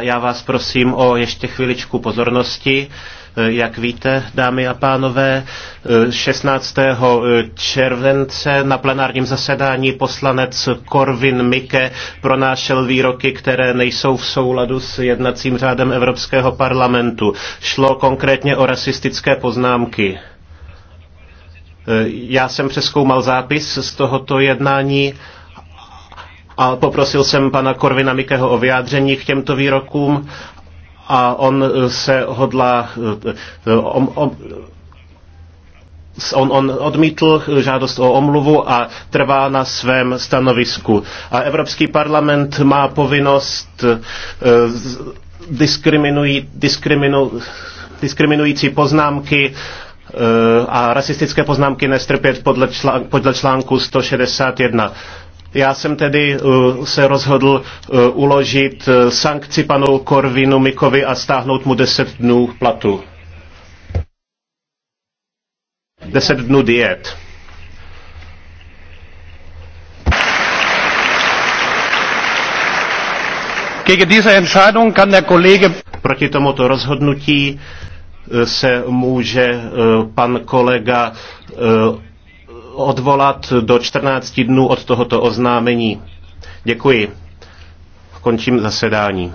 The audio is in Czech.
Já vás prosím o ještě chviličku pozornosti. E, jak víte, dámy a pánové, 16. E, e, července na plenárním zasedání poslanec Korvin Mike pronášel výroky, které nejsou v souladu s jednacím řádem Evropského parlamentu. Šlo konkrétně o rasistické poznámky. Já jsem přeskoumal zápis z tohoto jednání a poprosil jsem pana Korvina Mikého o vyjádření k těmto výrokům a on eh, se hodla eh, eh, on, on, On, on odmítl žádost o omluvu a trvá na svém stanovisku. A Evropský parlament má povinnost diskriminují, diskriminu, diskriminující poznámky a rasistické poznámky nestrpět podle článku 161. Já jsem tedy eh, se rozhodl eh, uložit eh, sankci panu Korvinu Mikovi a stáhnout mu 10 dnů platu. 10 dnů diet. Proti tomuto rozhodnutí se může pan kolega odvolat do 14 dnů od tohoto oznámení. Děkuji. Končím zasedání.